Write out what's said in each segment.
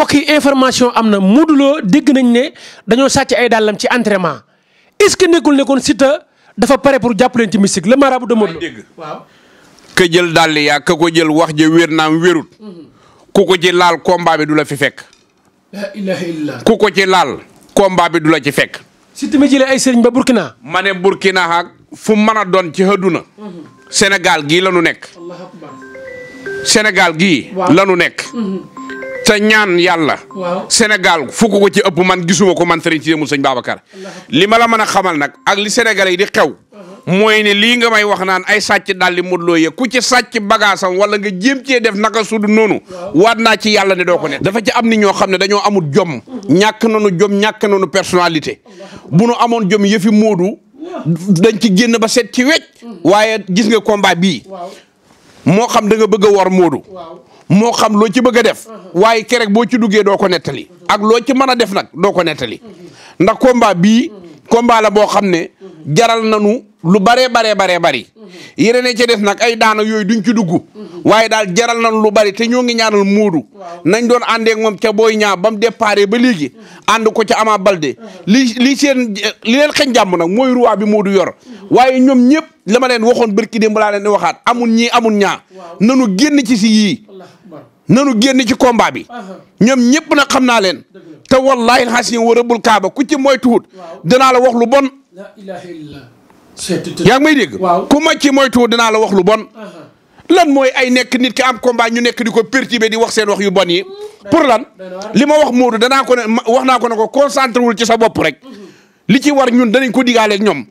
mbokk yi information am na Modou Lo dégg nañ ne dañoo sàcc ay dàllam ci entraînement est-ce que nekkul nekkoon kon Siteu dafa pare pour jàpp leen ci mystique le marabout de Modou Lo jël dàll yaa ka ko jël wax ja wér naam wérut mhm. ku ko ci laal combat du la fi fekk la ko ci laal combat bi du la ci fekk Siteu mi jëlee ay sëriñ ba Burkina ma ne Burkina ak fu mën a doon ci àdduna mhm. Sénégal gii la nu nekk Sénégal gii la nu nekk mhm. te ñaan yàlla. Sénégal fukk ko ci ëpp man gisuma ko man Serigne Cissé mu sëñ Babacar. li ma la mën a xamal nag ak li Sénégalais yi di xew. Uh-huh. mooy ne lii nga may wax naan ay sàcc dal di Modou Lo yëg ku ci sàcc bagaasam wala nga jéem cee def naka sudu noonu. waat naa ci yàlla ne doo ko ne. dafa ci am ni ñoo xam ne dañoo amul jom. Uh-huh. ñàkk nañu jom ñàkk nañu personnalité. bu nu amoon jom yëfi Modou. dañ ci génn ba set ci wecc mm. waaye gis nga combat bii. moo xam danga bëgg a war moo xam loo ci bëgg a def waaye kerek boo ci duggee doo ko nettali ak loo ci mën a def nag doo ko nettali ndax komba bii komba la boo xam ne jaral nanu lu baree baree baree bari yeneen ci des nag ay daana yooyu duñ ci dugg waaye daal jaral nanu lu bari te ñoo ngi ñaanal Moodu nañ doon àndee ak moom ca booy ñaa ba mu déparé ba léegi ànd ko ca Ama Balde li li seen li leen xañ jàmm nag mooy ruwaa bi Moodu yor waaye ñoom ñëpp la leen waxoon barki démb laa leen di waxaat amul ñii amul ñaa nanu génn ci si yii nanu génn ci combat bi ñoom ñëpp nag xam naa leen te wallaahi xas wa rëbbul kaaba ku ci moytuwut danaa la wax lu bon. yaa ngi may dégg ku ma ci moytuwut danaa la wax lu bon. Uh-huh. lan mooy ay nekk nit ki am combat ñu nekk di ko perturber di wax seen wax yu bon yi hmm. pour lan li ma wax Moodu dana ko ne wax naa ko ne ko concentré wul ci sa bopp rek hmm. li ci war ñun danañ ko digaaleeg ñoom.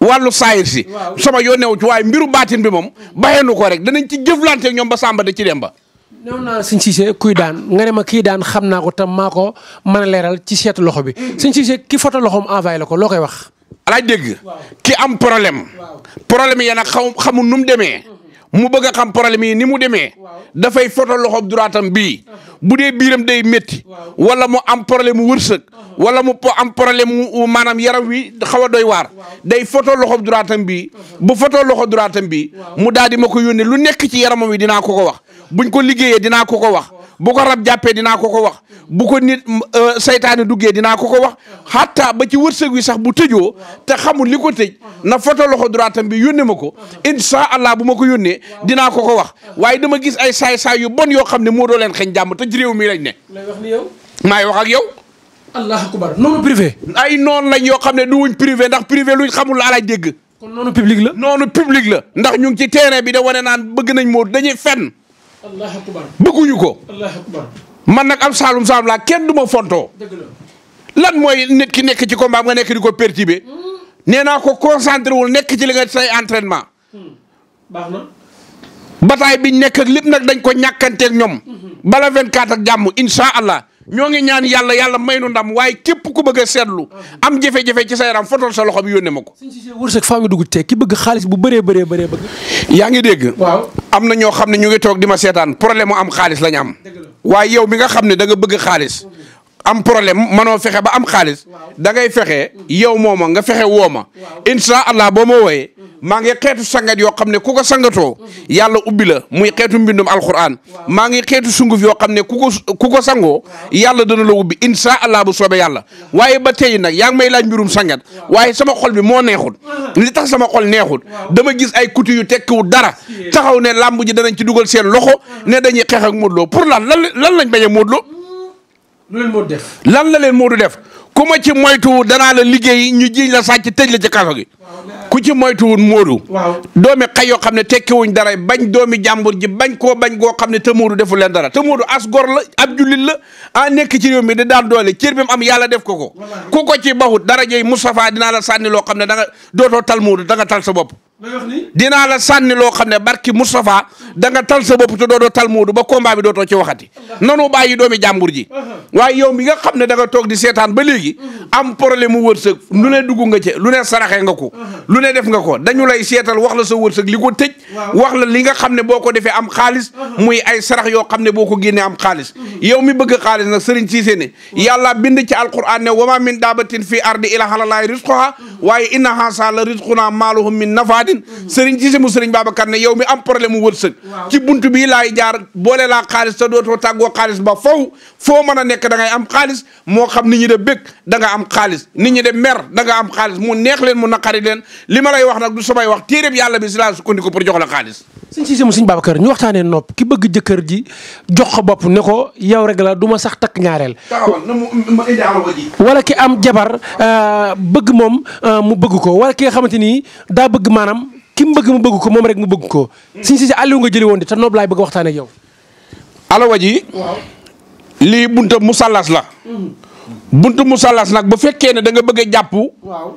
wàllu saayir si. sama yoon newu ci waaye mbiru baatin bi moom. Hmm. bàyyee nu ko rek danañ ci jëflanteeg ñoom ba sàmba da ci dem ñëw naa sëñ Cissé kuy daan nga ne ma kii daan xam naa ko tam maa ko mën a leeral ci seetu loxo bi sëñ Cissé ki foto loxoom envoyé la ko loo koy wax. dégg ki am problème problème yi nag xaw xamul nu mu demee mu bëgg xam problème yi ni mu demee dafay foto loxo droitam bii bu dee biiram day métti wala mu am problème mu wërsëg wala mu am problème mu maanaam yaram wi xaw a doy waar day foto loxo duraatam bii bu foto loxo droitam bii mu daal di ma ko yónnee lu nekk ci yaramam wi dinaa ko ko wax. bu ñu ko liggéeyee dinaa ko ko wax bu ko rab jàppee dinaa ko ko wax bu ko nit euh, seytaane duggee dinaa ko ko wax xatta ba ci wër wërsëg wi sax bu tëjoo te xamul li ko tëj na foto loxo droitam bi yónnee ma ko sa allah bu ma ko yónnee dinaa ko ko wax waaye dama gis ay saay-saay yu bon yoo xam ne moo doo leen xeeñ jàmm te ci réew mi lañ ne. maa wax ak yow. allah akbar noonu privé. ay noon lañ yoo xam ne du wuñ ndax privé luñ xamul la ala dégg. kon noonu public la. noonu public la ndax ñu ci terrain bi da wane naan bëgg nañ moo dañuy fenn. allah akbar bëgguñu ko. allah man nag am saalum saalum laa kenn du ma fontoo. lan mooy nit ki nekk ci ko mbaam nga nekk di ko perturber. Hmm. nee naa ko concentré wul nekk ci li nga say entraînement. Hmm. baax na. bataay biñ nekk ak nag dañ ko ñàkkanteeg ñoom. Hmm. bala 24 ak jàmm incha allah ñoo ngi ñaan yàlla yàlla may nu ndam waaye képp ku bëgg a am jafe-jafe ci sa yaram fotol sa loxo bi yónnee ma ko. suñ si see wërsëg faa ngi dugg te ki bëgg xaalis bu bëree bëree bëree bëgg. yaa ngi dégg. am na ñoo xam ne ñu ngi toog di ma seetaan problème mu am xaalis la ñu am waaye yow mi nga xam ne da nga bëgg xaalis am problème manoo fexe ba am xaalis da ngay fexe yow mooma nga fexe woo ma incha allah boo ma wooyee maa ngi xeetu sangat yoo xam ne ku ko sangatoo mhm. yàlla ubbi la muy xeetu mbindum alquran maa ngi xeetu sunguf yoo xam ne ku ko ku ko sangoo yàlla dana la ubbi incha allah bu soobee yàlla waaye ba tey nag yaa ngi may laaj mbirum sangat waaye sama xol bi moo neexul li tax sama xol neexul dama gis ay kuti yu tekkiwu dara taxaw ne làmb ji danañ ci dugal seen loxo ah. ne dañuy xeex ak Modou Lo pour lan lañ bañ a lu leen def. lan laleen moodu def ku ma ci moytuwul danaa la liggéey ñu jiñ la sàcc tëj la ci kaso gi. ku ci moytuwul Modou. waaw doomi xay yoo xam ne tekkiwuñ dara bañ doomi jàmbur ji bañ koo bañ goo xam ne te Modou deful leen dara te Modou as gor la ab jullit la a nekk ci réew mi da daan doole cër bi am yàlla def ko ko. ku ko ci baxut dara jëy Moustapha dinaa la sànni loo xam ne danga dootoo tal Modou danga tal sa bopp. dinaa la sànni loo xam ne barki Moustapha da nga tal sa bopp te doodoo tal Moodu ba combat bi dootoo ci waxati nanu bàyyi doomi jàmbur ji uh-huh. waaye yow mi nga xam ne danga toog di seetaan ba léegi uh-huh. am problème mu wërsëg lu ne dugg nga ci lu ne saraxe nga ko uh-huh. lu ne def nga ko dañu lay seetal wax la sa wërsëg li ko tëj wax la li nga xam ne boo ko defee am xaalis muy ay sarax yoo xam ne boo ko génnee am xaalis yow mi bëgg xaalis nag Serigne Cissé ne yàlla bind ci alquran ne wama min daabatin fii ardi ila halalaay risqoha waaye inna haasa la rizquna maaluhum min nafaadin sëriñ ci si mu sëriñ Babacar ne yow mi am problème mu wërsëg ci bi bii laay jaar boole laa xaalis te dootoo tàggoo xaalis ba faw foo mën a nekk da am xaalis moo xam nit ñi de bëgg danga am xaalis nit ñi de mer da am xaalis mu neex leen mu naqari leen li ma lay wax nag du samay wax téeréb yàlla bi si laa ko pour jox la xaalis sëñ Cissé mu sëñ Babacar ñu waxtaanee nopp ki bëgg jëkkër ji jox ko bopp ne ko yow rek la duma sax takk ñaareel. wala ki am jabar euh, bëgg moom euh, mu bëgg ko wala ki nga xamante ni daa bëgg maanaam ki mu bëgg mu bëgg ko moom rek mu bëgg ko. Hmm. sëñ Cissé Aliou nga jëli woon di te nopp laay bëgg waxtaanee ak yow. alawa ji. lii bunta musallas la. Hmm. buntu musalas nag bu fekkee ne da nga bëgg a jàpp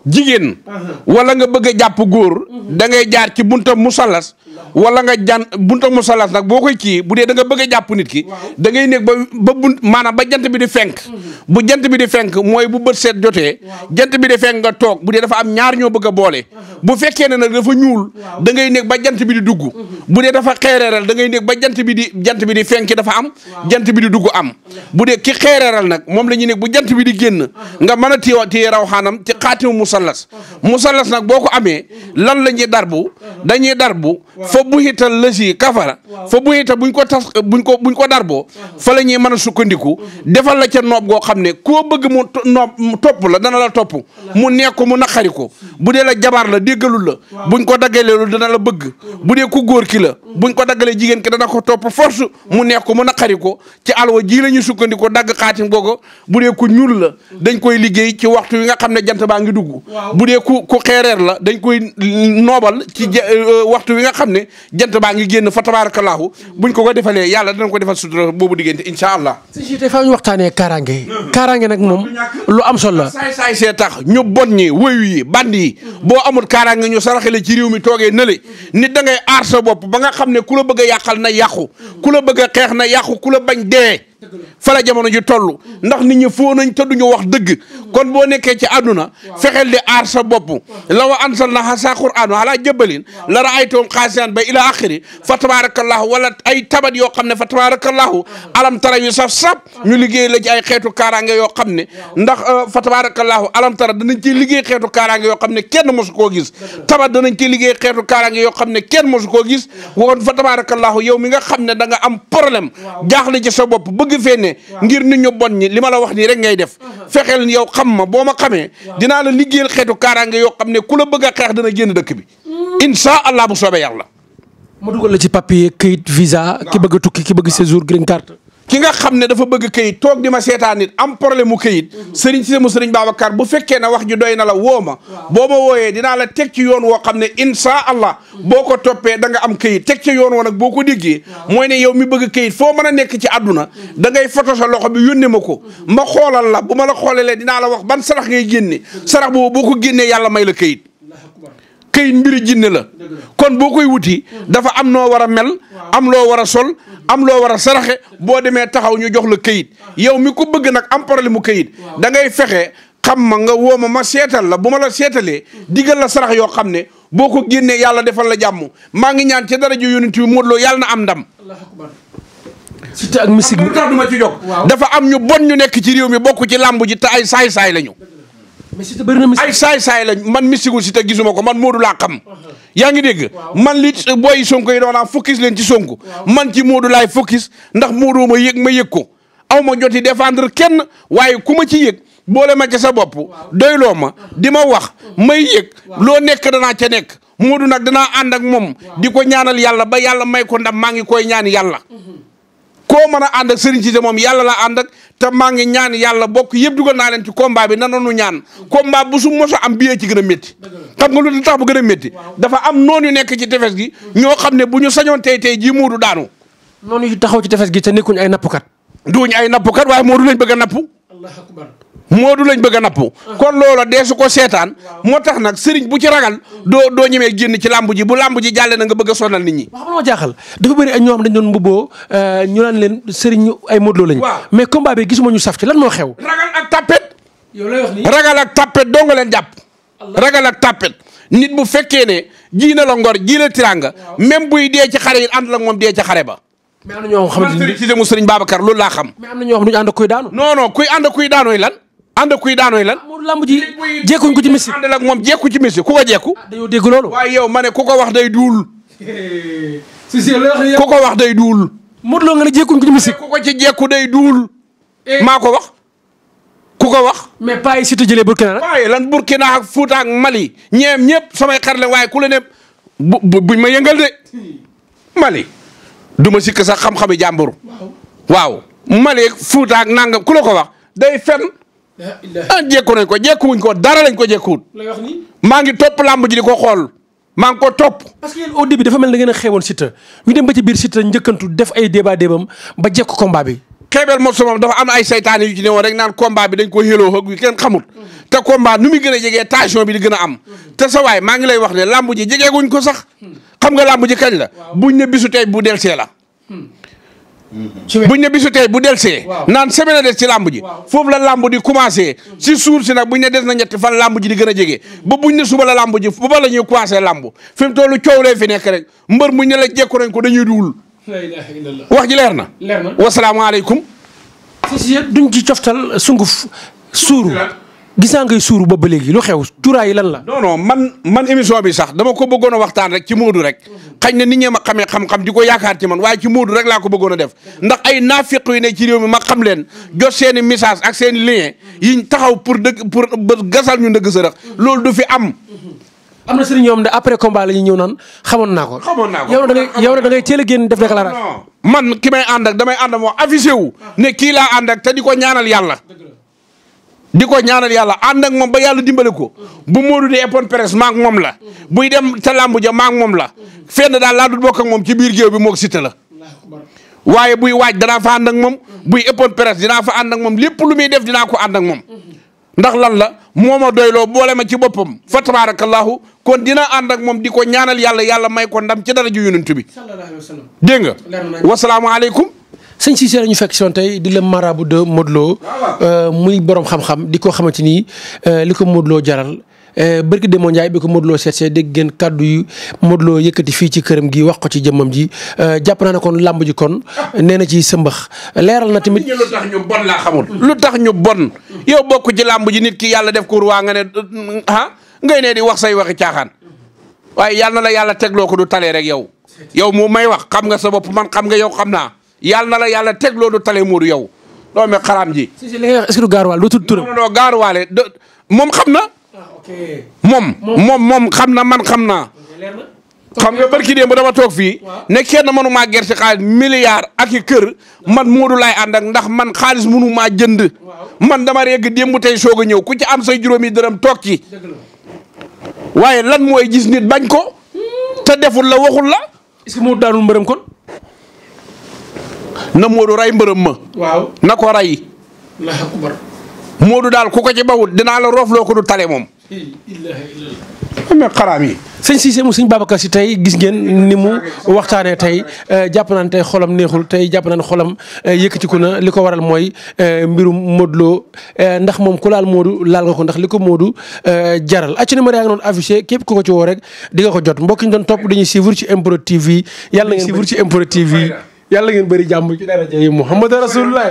jigéen uh-huh. wala nga bëgg a jàpp góor uh-huh. da ngay jaar ci bunta musalas wala nga jan bunta musalas nag boo koy kii bu dee da nga bëgg a jàpp nit ki da ngay nekk ba ba bunt maanaam ba jant bi di fenk uh-huh. bu jant bi di fenk mooy bu bët seet jotee jant bi di fenk nga toog bu dee dafa am ñaar bëgg a boole bu fekkee ne nag dafa ñuul da ngay nekk ba jant bi di dugg bu dee dafa xeereeral da ngay nekk ba jant bi di jant bi di fenk dafa am jant bi di dugg am bu dee ki xeereeral nag moom la ñuy nekk bu jant bi bi di génn nga mën a téye téye raw xaanam ci xaatimu musallas musallas nag boo ko amee lan la ñuy darbu dañuy darbu fa bu hital lësi kafara fa bu hital buñ ko tas buñ ko buñ ko darboo fa la ñuy mën a sukkandiku defal la ca noob goo xam ne koo bëgg mu noob topp la dana la topp mu nekk ko mu naqari ko bu dee la jabar la déggalul la buñ ko daggalee lu la bëgg bu dee ku góor ki la buñ ko daggalee jigéen ki dana ko topp force mu nekk ko mu ko ci alwa ji la ñuy sukkandiku dagg xaatim googu bu dee ku ñuul suul la dañ koy liggéey ci waxtu yi xam ne jant baa ngi dugg bu dee ku ku la dañ koy noobal ci euh, euh, wi nga xam ne jant baa ngi génn fa tabaarakallaahu buñ ko ko defalee yàlla dana ko defal sutura boobu diggante incha allah si tey fa ñu waxtaanee kaaraange kaaraange nag moom lu am solo la saay saay see tax ñu bon ñi wéyu yi band yi boo amul kaaraange ñu saraxale ci réew mi toogee nële nit da ngay aar sa bopp ba nga xam ne ku la bëgg a yàqal na yàqu ku la bëgg xeex na yàqu ku la bañ dee fa la jamono ji toll ndax nit ñi foo nañ te duñu wax dëgg kon boo nekkee ci àdduna fexeel di ar sa bopp law anzalna sa qur'aan ala jabalin la ra'aytum xaasian ba ila axiri fa tabarakallahu wala ay tabat yoo xam ne fa tabarakallahu alam tara yu saf saf ñu liggéey la ci ay xeetu kaaraange yoo xam ne ndax euh, fa tabarakallahu alam tara danañ ci liggéey xeetu kaaraange yoo xam ne kenn mosu koo gis tabat danañ ci liggéey xeetu kaaraange yoo xam ne kenn mosu koo gis woon fa tabarakallahu yow mi nga xam ne danga nga am problème jaaxle ci sa bopp bëgg fee ne ngir nit ñu bon ñi li ma la wax nii rek ngay def uh-huh. fexeel yow xam ma boo ma xamee dinaa la liggéeyal xeetu kaaraange yoo xam ne ku la bëgg a xeex dana génn dëkk bi mm. insha allah bu soobee yàlla ma dugal la ci papier këyit visa ki bëgg tukki ki bëgg séjour green card ki nga xam ne dafa bëgg këyit toog di ma seetaan nit am problème mu këyit sëriñ si mu sëriñ Babacar bu fekkee ne wax ji doy na la woo ma boo ma wooyee dina la teg ci yoon woo xam ne insha allah boo ko toppee danga am këyit teg ci yoon woo nag boo ko déggee mooy ne yow mi bëgg këyit foo mën a nekk ci àdduna dangay ngay sa loxo bi yónnee ma ko ma xoolal la bu ma la xoolelee dinaa la wax ban sarax ngay génne mm-hmm. sarax boobu boo ko génnee yàlla may la këyit këyit mbiri jinne la kon boo koy wuti dafa am noo war a mel am loo war a sol am loo war a saraxe boo demee taxaw ñu jox la këyit yow mi ko bëgg nag am problème mu këyit da ngay fexe xam ma nga woo ma ma seetal la bu ma la seetalee hmm. digal la sarax yoo xam ne boo ko génnee yàlla defal la jàmm maa ngi ñaan ca dara ju yonent mu Modou Lo yàlla na am ndam. surtout ak musique bi tax du ma ci jóg. dafa am ñu bon ñu nekk ci réew mi bokk ci làmb ji te ay saay-saay lañu. ay saay saay la man mistigul si te gisuma ko man Modou laa yaa ngi dégg man li booy Sonko yi doon naa focus leen ci Sonko. man ci Modou laay focus ndax Modou ma yëg ma yëg ko. aw ma joti défendre kenn waaye ku ma ci yëg boole ma ca sa bopp doyloo ma di ma wax may yëg loo nekk danaa ca nekk. Modou nag danaa ànd ak moom di ko ñaanal yàlla ba yàlla may ko ndam maa ngi koy ñaan yàlla. Mhm. koo mën a ànd ak Serigne Cissé moom yàlla laa ànd ak te maa ngi ñaan yàlla bokk yëpp dugal naa leen ci combat bi nanoonu ñaan combat bu su mos a am biyee ci gën a métti xam nga lu tax ba gën a métti dafa am noonu yu nekk ci tefes gi ñoo xam ne bu ñu sañoon tey tey jii muudu daanu noonu yu taxaw ci tefes gi te nekkuñ ay nappkat duuñ ay nappkat waaye moodu leen bëgg a napp moodu lañ bëgg a napp kon loola deesu ko seetaan moo tax nag sëriñ bu ci ragal doo doo ñemee génn ci làmb ji bu làmb ji jàlle na nga bëgg a sonal nit ñi waaw xam nga jaaxal dafa bëri ay ñoo xam dañ doon mbubboo euh, ñu naan leen sëriñ ay moodu lañ mais combat bi gisuma ñu saf ci lan moo xew ragal ak tàppet yow ragal ak tàppet doo nga leen jàpp ragal ak tàppet nit bu fekkee ne ji na la ngor ji la tiranga même buy dee ci xare yi ànd la moom dee ci xare ba mais am na ñoo xamante ni sëriñ am na ñoo xam duñu ànd ak kuy daanu non non kuy ànd ak lan ànd kuy daanooy lan. amul lamb ji ko ci Messi. ànd ak moom jékku ci Messi ku ko jékku. Ah, dañoo dégg loolu. waaye yow ma ne ku ko wax day duul. si si ku ko wax day duul. Modou loo nga ne jékkuñ ko ci Messi. ku ko ci jékku day duul. Eh. maa ko wax. ku ko wax. mais pas yi surtout jëlee Burkina la. waaye lan Burkina ak Fouta ak Mali ñeem ñëpp samay xar la waaye ku la ne bu buñ ma yëngal de. Mali du sikk sax xam-xami jàmbur. waaw Mali Fouta nangam ku la ko wax day fen. ah jekku nañ ko jekkuwuñ ko dara lañ ko jekkuwut. lay wax maa ngi topp làmb ji di ko xool. maa ngi ko topp. parce que yéen dafa mel na da ngeen a xewoon Siteu ñu dem ba ci biir Siteu njëkkantu def ay débat débam ba jekku combat bi. xeebeel mot dafa am ay seytaane yu ci newoon rek naan combat bi dañ ko xéloo ak yu kenn xamul. te combat nu muy gën a jegee tension bi di gën a am. te sa waay maa ngi lay wax ne làmb ji jegeeguñ ko sax. xam nga làmb ji kañ la. buñ ne bisu bu delsee la. Hmm. Mm-hmm. buñ ne bisu tey bu delsee naan semaine des ci làmb ji foofu la làmb di commencé si mm-hmm. suuf si nag buñ ne des na ñetti fan làmb ji di gën a jege mm-hmm. ba buñ ne suba la làmb ji ba la ñuy commencé làmb fi mu tollu coow lee fi nekk rek mbër muñ ne la jekku nañ ko dañuy duwul wax ji leer na leer na wasalaamaaleykum si duñ ci coftal sunguf suuru gisaa ngay suuru ba ba léegi lu xew cuuraay yi lan la. non non man man émission bi sax dama ko bëggoon a waxtaan rek ci Modou rek xañ na nit ñi ma xamee xam-xam di ko yaakaar ci man waaye ci Modou rek laa ko bëggoon def ndax ay naafiq yu ne ci réew mi ma xam leen jot seen i message ak seen i yi yiñ taxaw pour dëgg pour gasal ñu ndëgg sa rek loolu du fi am. am na si sëriñ ñoom de après combat la ñuy ñëw naan xamoon naa ko. xamoon naa ko yow da ngay yow da ngay teel a génn def déclaration. man ki may ànd ak damay ànd moo affiché wu ne kii laa ànd ak te ko ñaanal yàlla di ko ñaanal yàlla ànd ak moom ba yàlla dimbali ko bu Modou di épon presse maak moom la buy dem ca làmb ja maak moom la fenn daal laa dul bokk ak moom ci biir géew bi moog Siteu la waaye buy waaj danaa fa ànd ak moom buy épon presse dinaa fa ànd moom lépp lu muy def dinaa ko ànd moom ndax lan la moo ma doyloo boole ma ci boppam fa tabarakallahu kon dina ànd ak moom di ko ñaanal yàlla yàlla may ko ndam ci dara ju yonent bi dégg nga sëñ Cissé la ñu fekk tey di la marabout de Modou ah, euh, muy borom xam-xam di ko xamante ni euh, li ko Modou Lo jaral euh, barki Demba Ndiaye bi ko Modou Lo seetsee dégg ngeen kàddu yu Modou Lo yëkkati fii ci këram gi wax ko ci jëmmam ji jàpp naa ne kon làmb ji kon nee na ci sëmbax leeral na tamit. lu tax ñu bon laa xamul. Hmm. lu tax ñu bon. yow bokk ci làmb ji nit ki yàlla def ko waa nga ne ah ngay ne di wax say waxi caaxaan waaye yàlla na la yàlla tegloo ko du talee rek yow. yow mu may wax xam nga sa bopp man xam nga yow xam naa. yàlla na la yàlla teg loolu tale muur yow doomi xaraam ji. si si li ngay wax est du gaar waale lu tudd moom xam na. Ah, ok moom. moom xam na man xam naa. xam nga barki démb dama toog fii. ne kenn mënu maa gerte xaalis milliard ak i kër. man Moodu laay ànd ak ndax man xaalis mënu ma jënd. man dama reg démb tey soog a ñëw ku ci am say juróomi dërëm toog ci. waaye lan mooy gis nit bañ ko. Hmm. te deful la waxul la. est-ce que moo kon. na Modou rey mbërëm ma. waaw na ko rey. Modou daal ku ko ci bawut dinaa la roofloo ko du tale moom. amee xaraam yi. sëñ mu sëñ Babacar si tey gis ngeen ni mu waxtaanee tey euh, jàpp naan tey xolam neexul tey jàpp naan xolam euh, yëkkatiku na li ko waral mooy euh, mbirum Modou Lo ndax moom ku laal Modou laal nga ko ndax li ko Modou jaral acci numéro yaa ngi doon affiché képp ku ko ci woo rek di nga ko jot mbokk ñu doon topp dañuy suivre ci MPROD TV yàlla na ngeen suivre ci MPROD yàlla ngeen bëri jàmm ci daraja yi Muhammad Rasulullah